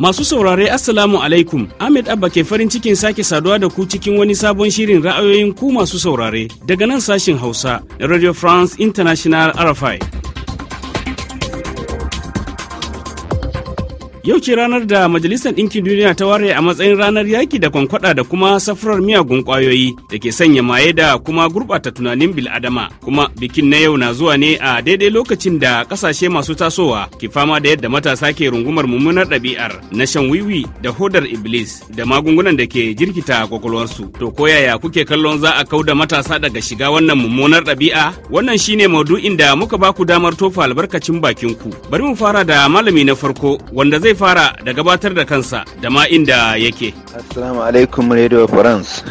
Masu saurare Assalamu alaikum, Ahmed Abba ke farin cikin sake saduwa da ku cikin wani sabon shirin ra'ayoyin ku masu saurare daga nan sashen Hausa, Radio France International RFI. Yau ce ranar da Majalisar Ɗinkin Duniya ta ware a matsayin ranar yaki da kwankwada da kuma safarar miyagun ƙwayoyi da ke sanya maye da kuma gurɓata tunanin bil'adama. Kuma bikin na yau na zuwa ne a daidai lokacin da ƙasashe masu tasowa ke fama da yadda matasa ke rungumar mummunar ɗabi'ar na shan wiwi da hodar iblis da magungunan da ke jirkita kwakwalwarsu. To ko yaya kuke kallon za a da matasa daga shiga wannan mummunar ɗabi'a? Wannan shine maudu'in da muka ba ku damar tofa albarkacin bakinku. Bari mu fara da malami na farko wanda zai zai fara da gabatar da kansa da ma inda yake. Assalamu alaikum Radio France.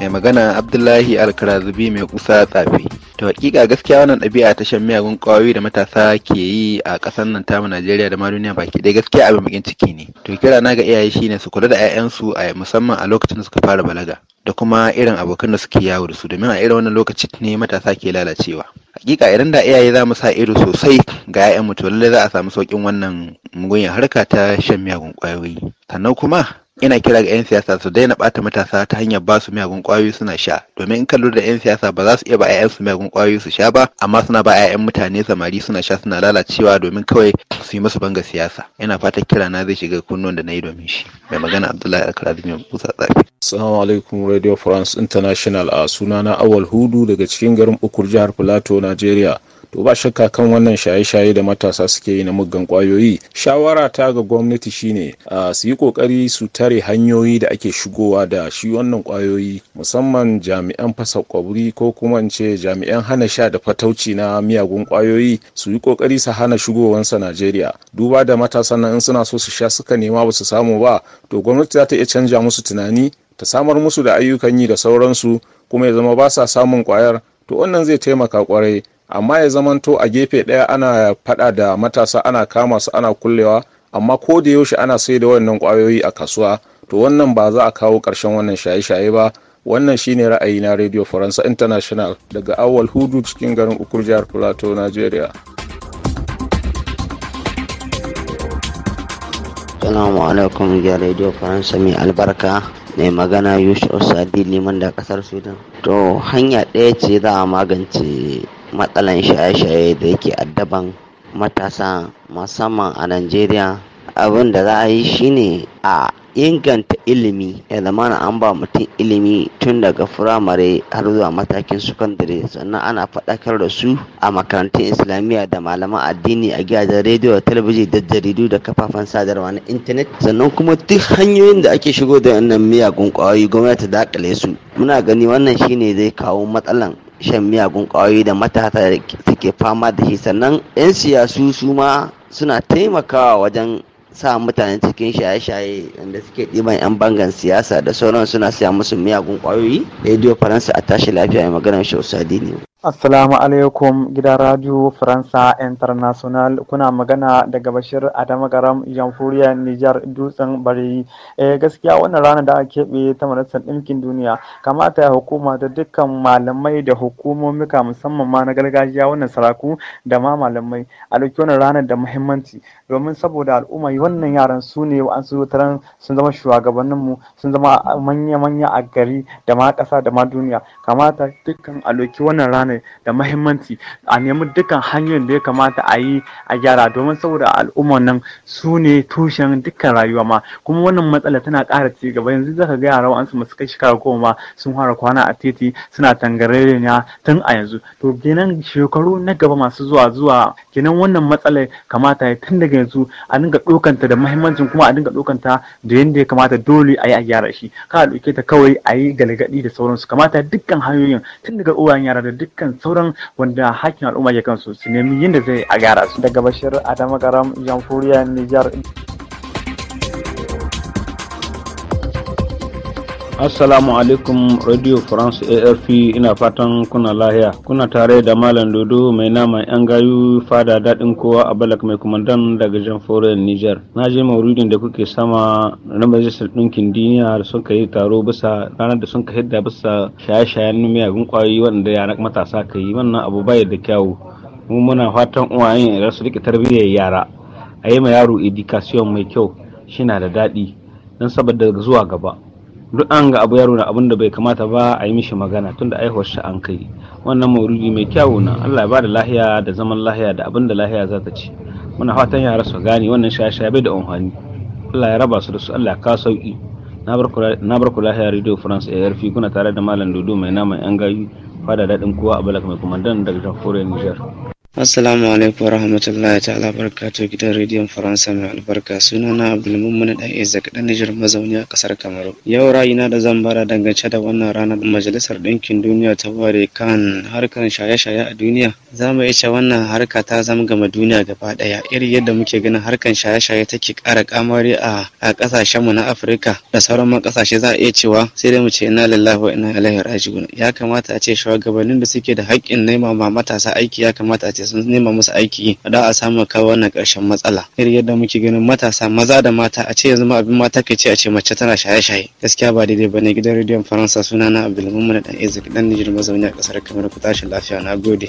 Mai magana Abdullahi Alkarazubi mai kusa tsafi. Ta hakika gaskiya wannan ɗabi'a ta shan miyagun ƙwayoyi da matasa ke yi a ƙasar nan tamu Najeriya da ma duniya baki ɗaya gaskiya abin bakin ciki ne. To kira na ga iyaye shine su kula da 'ya'yansu a musamman a lokacin da suka fara balaga da kuma irin abokan da suke yawo da su domin a irin wannan lokacin ne matasa ke lalacewa. hakika idan da iyaye za mu sa ido sosai ga 'ya'yan mutu lallai za a samu saukin wannan mugun harka ta shan miyagun ƙwayoyi sannan kuma ina kira ga 'yan siyasa su daina bata matasa ta hanyar ba su miyagun kwayoyi suna sha domin in kallo da 'yan siyasa ba za su iya ba 'ya'yan su miyagun kwayoyi su sha ba amma suna ba 'ya'yan mutane samari suna sha suna lalacewa domin kawai su yi masu banga siyasa ina fatan kira na zai shiga kunnuwan da na yi domin shi mai magana abdullahi alkarazimi musa tsafi Assalamu alaikum Radio France International a sunana Awal Hudu daga cikin garin Ukur jihar Plateau, nigeria. to ba shakka kan wannan shaye-shaye da matasa suke yi na muggan kwayoyi shawara ta ga gwamnati shine su yi kokari su tare hanyoyi da ake shigowa da shi wannan kwayoyi musamman jami'an fasa kwaburi ko kuma ce jami'an hana sha da fatauci na miyagun kwayoyi su yi kokari su hana shigowansa najeriya duba da matasa nan in suna so su sha suka nema ba su samu ba to gwamnati za ta iya canja musu tunani ta samar musu da ayyukan yi da sauransu kuma ya zama ba sa samun kwayar to wannan zai taimaka kwarai amma ya zamanto a gefe ɗaya ana faɗa da matasa ana kama su ana kullewa amma ko da yaushe ana sai da wannan ƙwayoyi a kasuwa to wannan ba za a kawo karshen wannan shaye-shaye ba wannan shine ra'ayi na radio faransa international daga awal hudu cikin garin ukur jihar plateau nigeria salamu alaikum ga Radio Faransa mai albarka mai magana Yusuf Sadi liman da kasar Sudan. To hanya ɗaya ce za a magance matsalan shaye-shaye da yake addaban matasa musamman a Najeriya abin da za a yi shine a inganta ilimi ya zamana an ba mutum ilimi tun daga firamare har zuwa matakin sakandare sannan ana faɗakar da su a makarantun islamiyya da malaman addini a gidajen rediyo da talabijin da jaridu da kafafen sadarwa na intanet sannan kuma duk hanyoyin da ake shigo da wannan miyagun kwayoyi gwamnati dakale su muna gani wannan shine zai kawo matsalan shan miyagun ƙwayoyi da matasa da suke fama da shi sannan 'yan siyasu su ma suna taimakawa wajen sa mutane cikin shaye-shaye wanda suke ɗiban 'yan bangan siyasa da sauran suna siya musu miyagun ƙwayoyi rediyo faransa a tashi lafiya mai magana shausadi ne Assalamu alaikum gida Radio Faransa International kuna magana daga Bashir Adama Garam Jamhuriyar Nijar Dutsen Bari. Eh gaskiya wannan rana da aka keɓe ta Majalisar Ɗinkin Duniya kamata ya hukuma da dukkan malamai da hukumomi ka musamman ma na gargajiya wannan saraku da ma malamai a ɗauki wannan ranar da muhimmanci domin saboda al'umma wannan yaran su ne an su taran sun zama shugabannin mu sun zama manya-manya a gari da ma ƙasa da ma duniya kamata dukkan a ɗauki wannan ranar da mahimmanci a nemi dukkan hanyoyin da ya kamata a yi a gyara domin saboda al'ummar nan su ne tushen dukkan rayuwa ma kuma wannan matsala tana ƙara ci gaba yanzu zaka ga yara wa'ansu masu kai shekara goma sun fara kwana a titi suna tangarere na tun a yanzu to kenan shekaru na gaba masu zuwa zuwa kenan wannan matsalar kamata ya tun daga yanzu a dinga ɗaukanta da mahimmancin kuma a dinga ɗaukanta da yadda ya kamata dole a yi a gyara shi ka ɗauke ta kawai a yi galgaɗi da sauransu kamata dukkan hanyoyin tun daga uwayen yara da duk dukkan sauran wanda hakkin al'umma ke kansu su nemi da zai a gyara su daga bashir adama garam jamhuriyar nijar Assalamu alaikum Radio France ARP ina fatan kuna lahiya. Kuna tare da Malam Dodo mai nama yan gayu fada daɗin kowa a Balak mai kumandan daga Foren Niger. Na je maurudin da kuke sama na Majalisar Ɗinkin Duniya da sun yi taro bisa ranar da sun ka hidda bisa shaye-shayen miyagun kwayoyi waɗanda yara matasa ka yi wannan abu bai da kyawu. Mu muna fatan uwayen da su rike tarbiyyar yara. A yi ma yaro education mai kyau shi na da daɗi don saboda zuwa gaba. duk an ga abu yaro na abin da bai kamata ba a yi mishi magana tunda aihuwar shi an kai wannan maurudi mai kyawu na Allah ya bada lahiya da zaman lahiya da abin da lahiya za ta ci muna fatan yara su gane wannan shaya bai da amfani Allah ya raba su da su Allah ya kawo sauki na bar ku lahiya radio France ARF kuna tare da malam Dodo mai nama yan gayu fada daɗin kowa a balak mai kumandan daga jamhuriyar Nijar. Assalamu alaikum rahmatullahi ta'ala barkatu gidan rediyon Faransa mai albarka sunana Abdulmumin dan Izza dan Nijar mazauni a kasar Kamaru. Yau rayuna da zan bara dangance da wannan ranar Majalisar Ɗinkin Duniya ta ware kan harkar shaye-shaye a duniya. Za mu iya wannan harka ta zama gama duniya gaba ɗaya iri yadda muke ganin harkar shaye-shaye take ƙara kamari a a ƙasashen mu na Afirka da sauran ma ƙasashe za a iya cewa sai dai mu ce ina lillahi wa ajiuna. ilaihi Ya kamata a ce shugabannin da suke da haƙƙin nema ma matasa aiki ya kamata a gwamnati sun nema musu aiki A da a samu kawo wannan ƙarshen matsala irin yadda muke ganin matasa maza da mata a ce yanzu ma abin mata kai ce a ce mace tana shaye-shaye gaskiya ba daidai ba ne, gidan rediyon faransa suna sunana abdulmumin dan izik dan nijar mazauni a ƙasar kamar ku tashi lafiya na gode.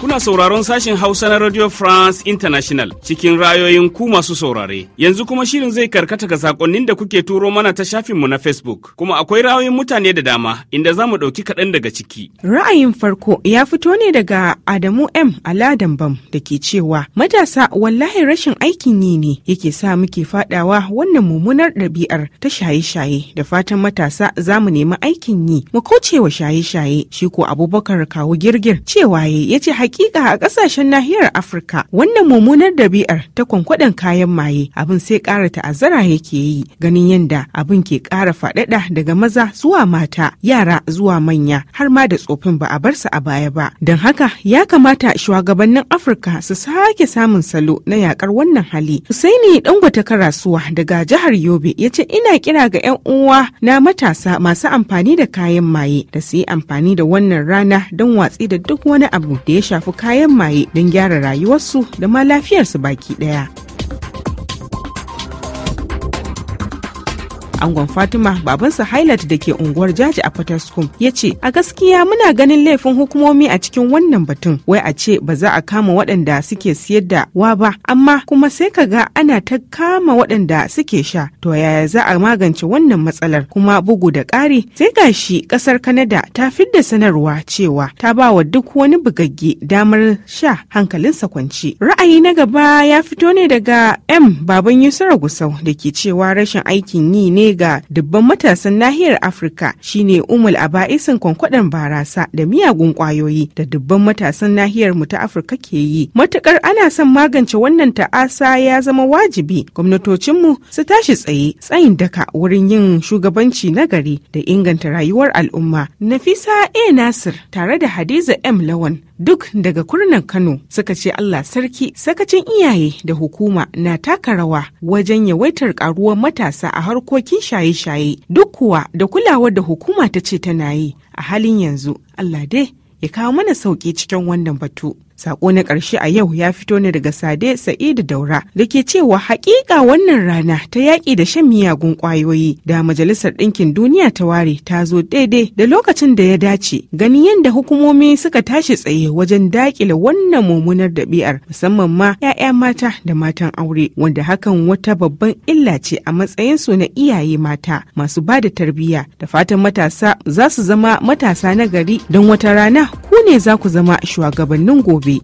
Kuna sauraron sashin Hausa na Radio France International cikin rayoyin ku masu saurare. Yanzu kuma shirin zai karkata ga sakonnin da kuke turo mana ta shafinmu na Facebook. Kuma akwai rayoyin mutane da dama inda zamu mu ɗauki kaɗan daga ciki. Ra'ayin farko ya fito ne daga Adamu M. Aladambam da ke cewa matasa wallahi rashin aikin yi ne yake sa muke faɗawa wannan mummunar ɗabi'ar ta shaye-shaye da fatan matasa za mu nemi aikin yi mu kauce wa shaye-shaye shi ko Abubakar Kawu Girgir cewa ya ce Hakika a kasashen nahiyar Afirka wannan mummunar dabi'ar ta kwankwaɗan kayan maye abin sai ƙara ta'azzara yake yi ganin yadda abin ke ƙara faɗaɗa daga maza zuwa mata yara zuwa manya har ma da tsofin ba a bar su a baya ba. Don haka ya kamata shugabannin Afirka su sake samun salo na yakar wannan hali. Husaini gwata Karasuwa daga jihar Yobe ya ce ina kira ga 'yan uwa na matasa masu amfani da kayan maye da su yi amfani da wannan rana don watsi da duk wani abu da ya shafi shafi kayan maye don gyara rayuwarsu da ma lafiyarsu baki ɗaya. angon fatima babansa Highlight da ke unguwar jaji a fataskum ya ce a gaskiya muna ganin laifin hukumomi a cikin wannan batun wai a ce ba za a kama waɗanda suke siyar da wa ba amma kuma sai ka ga ana ta kama waɗanda suke sha to yaya za a magance wannan matsalar kuma bugu da ƙari sai gashi ƙasar kanada ta fidda sanarwa cewa ta ba wa duk wani bugagge damar sha hankalinsa kwanci ra'ayi na gaba ya fito ne daga m baban yusra gusau da ke cewa rashin aikin yi ne ga dubban matasan nahiyar Afirka shine umul aba'isin kwankwadon barasa da miyagun kwayoyi da dubban matasan nahiyar mu ta Afirka ke yi. Matukar ana son magance wannan ta'asa ya zama wajibi gwamnatocinmu su tashi tsaye tsayin daka wurin yin shugabanci na gari da inganta rayuwar al'umma. Nafisa A. Nasir tare da Hadiza M. Lawan duk daga kurnan Kano suka ce Allah sarki sakacin iyaye da hukuma na taka rawa wajen yawaitar karuwar matasa a harkokin shaye-shaye duk kuwa da kulawar da hukuma ta ce tana yi a halin yanzu Allah dai ya kawo mana sauki cikin wannan batu. Sako na ƙarshe a yau ya fito ne daga Sade Sa'idu Daura da ke cewa hakika wannan rana ta yaƙi da shan miyagun ƙwayoyi da Majalisar Ɗinkin Duniya ta ware ta zo daidai da lokacin da ya dace ganin yadda hukumomi suka tashi tsaye wajen daƙile wannan mummunar ɗabi'ar musamman ma 'ya'ya mata da matan aure wanda hakan wata babban illa ce a matsayinsu na iyaye mata masu ba da tarbiyya da fatan matasa za su zama matasa na gari don wata rana ku ne za ku zama shugabannin gobe. gobe.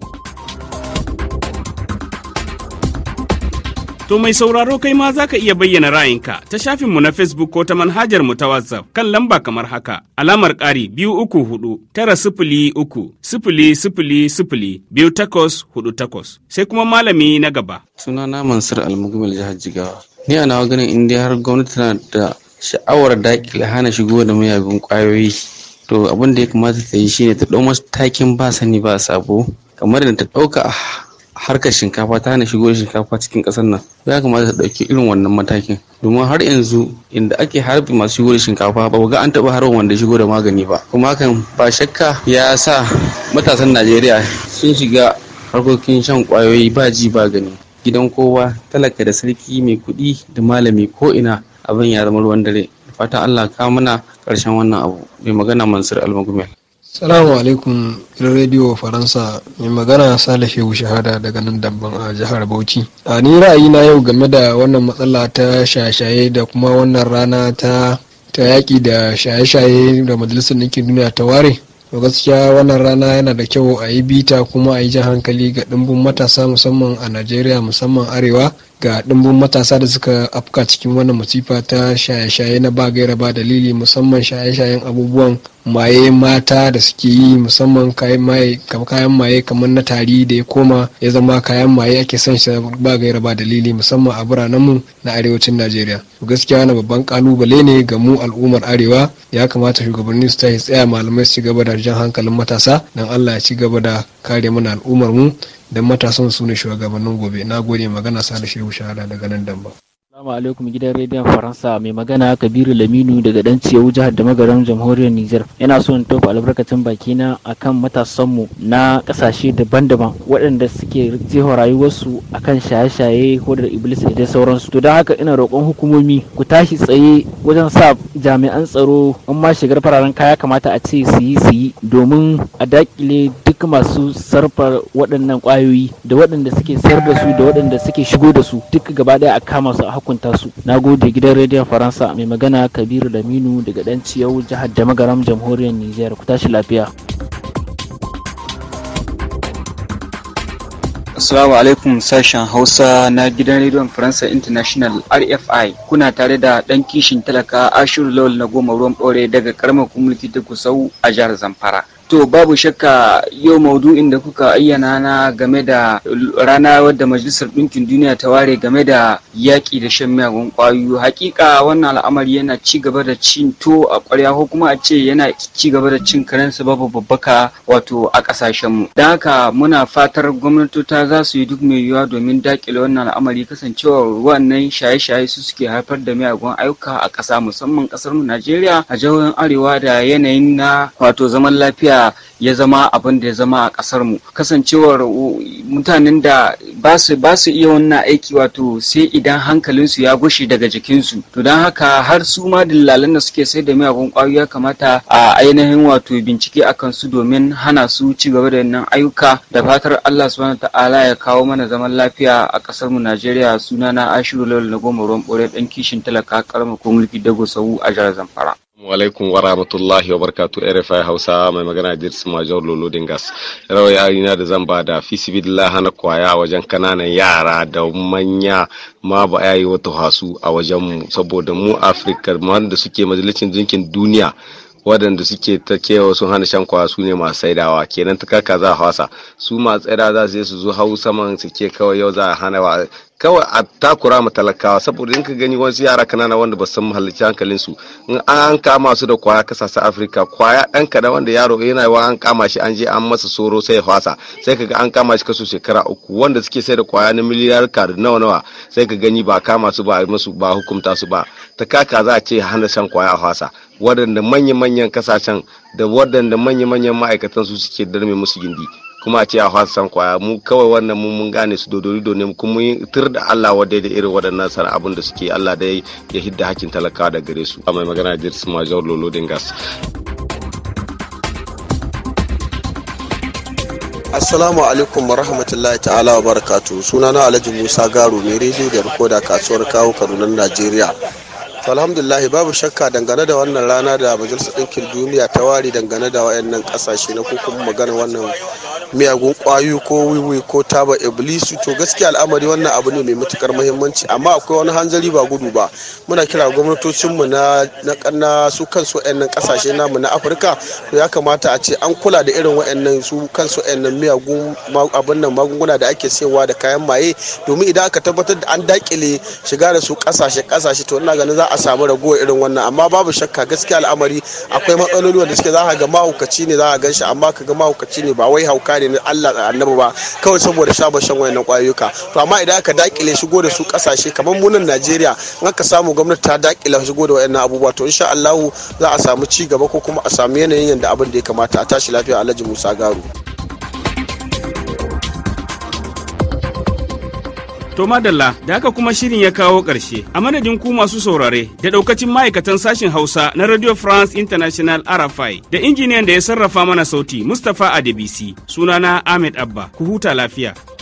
To mai sauraro kai ma zaka iya bayyana ra'ayinka ta shafinmu na Facebook ko ta manhajar mu ta WhatsApp kan lamba kamar haka. Alamar ƙari biyu uku hudu tara sifili uku sifili sifili sifili biyu takwas hudu takwas. Sai kuma malami na gaba. Sunana Mansur Almugumal Jihar Jigawa. Ni a nawa ganin indiya har gwamnati tana da sha'awar daƙile hana shigo da mayagun ƙwayoyi. To abin da ya kamata ta yi shine ta ɗau takin ba sani ba sabo kamar da ta ɗauka harkar shinkafa ta hana shigo shinkafa cikin ƙasar nan ya kamata ta ɗauki irin wannan matakin domin har yanzu inda ake harbi masu shigo da shinkafa ba ga an taɓa harbin wanda shigo da magani ba kuma hakan ba shakka ya sa matasan najeriya sun shiga harkokin shan ƙwayoyi ba ji ba gani gidan kowa talaka da sarki mai kuɗi da malami ko ina abin ya zama ruwan dare fatan allah ka mana ƙarshen wannan abu mai magana mansur almagumel Salamu alaikum rediyo Faransa mai magana Sale Shehu Shahada daga nan dabban a jihar Bauchi. A ni ra'ayi na yau game da wannan matsala ta shaye-shaye da kuma wannan rana ta ta yaƙi da shaye-shaye da majalisar ɗinkin duniya ta ware. To gaskiya wannan rana yana da kyau a yi bita kuma a yi jan hankali ga ɗimbin matasa musamman a Najeriya musamman Arewa ga ɗimbin matasa da suka afka cikin wannan masifa ta shaye-shaye na ba gaira ba dalili musamman shaye-shayen abubuwan maye mata da suke yi musamman kayan maye kayan maye kamar na tari da ya koma ya zama kayan maye ake son shi ba gaira ba dalili musamman a biranenmu na arewacin najeriya gaskiya wani babban kalubale ne ga mu al'ummar arewa ya kamata shugabanni su tashi tsaya malamai su ci gaba da jan hankalin matasa don allah ya ci gaba da kare mana al'ummar mu don matasan su ne shugabannin gobe na gode magana sa da shehu shahada daga nan damba Assalamu alaikum gidan rediyon Faransa mai magana Kabiru Laminu daga dan Ciyawu jihar da jamhuriyar Nijar. Ina so in tofa albarkacin baki bakina akan matasanmu na kasashe daban-daban waɗanda suke jefa rayuwarsu akan shaye-shaye ko da iblis da dai sauransu. To don haka ina roƙon hukumomi ku tashi tsaye wajen sa jami'an tsaro in ma shigar fararen kaya kamata a ce su yi su yi domin a dakile duk duk masu sarfar waɗannan ƙwayoyi da waɗanda suke sayar da su da waɗanda suke shigo da su duk gaba ɗaya a kama su a hukunta su na gode gidan rediyon faransa mai magana kabiru laminu daga ɗan ciyau jihar damagaram jamhuriyar nijar ku tashi lafiya Assalamu alaikum sashen Hausa na gidan rediyon Faransa International RFI. Kuna tare da ɗan kishin talaka Ashiru Lawal na goma ruwan ɓore daga karamar mulki ta Kusau a jihar Zamfara. To babu shakka yau maudu'in da kuka ayyana na game da rana wadda Majalisar Ɗinkin Duniya ta ware game da yaƙi da shan miyagun ƙwayoyi. Hakika wannan al'amari yana ci gaba da cin to a ƙwarya ko kuma a ce yana ci gaba da cin karensa babu babbaka wato a ƙasashenmu. Don haka muna fatar gwamnatota za su yi duk mai yiwuwa domin daƙile wannan al'amari kasancewa wannan shaye-shaye su suke haifar da miyagun ayyuka a ƙasa musamman ƙasarmu Najeriya a jihohin Arewa da yanayin na wato zaman lafiya da ya zama abin da ya zama a kasar mu kasancewar mutanen da ba su iya wannan aiki wato sai idan hankalinsu ya gushe daga jikinsu to don haka har su ma dillalan da suke sai da miyagun kwayoyi ya kamata a ainihin wato bincike a kansu domin hana su ci gaba da wannan ayyuka da fatar Allah subhanahu ta'ala ya kawo mana zaman lafiya a kasar mu Najeriya sunana Ashiru Lawal na goma ruwan ɓore ɗan kishin talaka karamar ko mulki dago sau a jihar Zamfara. alaikum wa rahmatullahi wa barkatu RFI Hausa mai magana Idris Major Lolo Dingas. Rawayarina da zan ba da sibi hana kwaya a wajen kananan yara da manya ma ba a yi wata hasu a wajen mu saboda mu Afirka da suke majalicin jinkin duniya waɗanda suke ta kewa sun hana shan kwaya su ne masu saidawa kenan ta kaka za a hausa su masu tsira za su je su zo hau saman su ke kawai yau za a hana wa kawai a takura ma talakawa saboda in ka gani wasu yara kanana wanda ba san mahallicin hankalin su in an kama su da kwaya kasasa afirka kwaya dan kada wanda yaro yana wa an kama shi an je an masa soro sai hwasa sai kaga an kama shi kaso shekara uku wanda suke sai da kwaya na miliyar da nawa nawa sai ka gani ba kama su ba a masu ba hukunta su ba ta kaka za a ce hana shan kwaya a hwasa waɗanda manya-manyan kasashen da wadanda manya-manyan ma'aikatan su suke darme musu gindi kuma a ce a san kwaya mu kawai wannan mun mun gane su dodori ne kuma mun tur da Allah wadai da irin waɗannan sana abin da suke Allah dai ya hidda hakkin talakawa da gare su mai magana da Dirsu Major Lolo Dingas Assalamu alaikum warahmatullahi ta'ala wa suna sunana Alhaji Musa Garo mai rediyo da rikoda kasuwar kawo Kaduna Najeriya to alhamdulillah babu shakka dangane da wannan rana da majalisar ɗinkin duniya ta ware dangane da wayannan ƙasashe na kuma magana wannan miyagun kwayo ko wiwi ko taba iblisu to gaskiya al'amari wannan abu ne mai matukar muhimmanci amma akwai wani hanzari ba gudu ba muna kira gwamnatocinmu na na su kansu wayannan kasashe namu na afirka to ya kamata a ce an kula da irin waɗannan su kansu wayannan miyagun abin nan magunguna da ake sayarwa da kayan maye domin idan aka tabbatar da an dakile shiga da su kasashe kasashe to ina ganin za a samu raguwar irin wannan amma babu shakka gaskiya al'amari akwai matsaloli wanda suke za ka ga mahaukaci ne za a gan shi amma ka ga mahaukaci ne ba wai hauka kare na Allah da annabi ba kawai saboda shaba shan wayannan kwayoyuka to amma idan aka dakile shigo da su kasashe kamar mu nan Najeriya in aka samu gwamnati ta dakile shigo da wayannan abubuwa to insha Allah za a samu ci gaba ko kuma a samu yanayin yanda abin da ya kamata a tashi lafiya Alhaji Musa Garu To madalla da haka kuma shirin ya kawo ƙarshe. A madadin ku masu saurare da ɗaukacin ma'aikatan sashen Hausa na Radio France International RFI da injiniyan da ya sarrafa mana sauti Mustapha Adebisi sunana Ahmed Abba ku huta lafiya.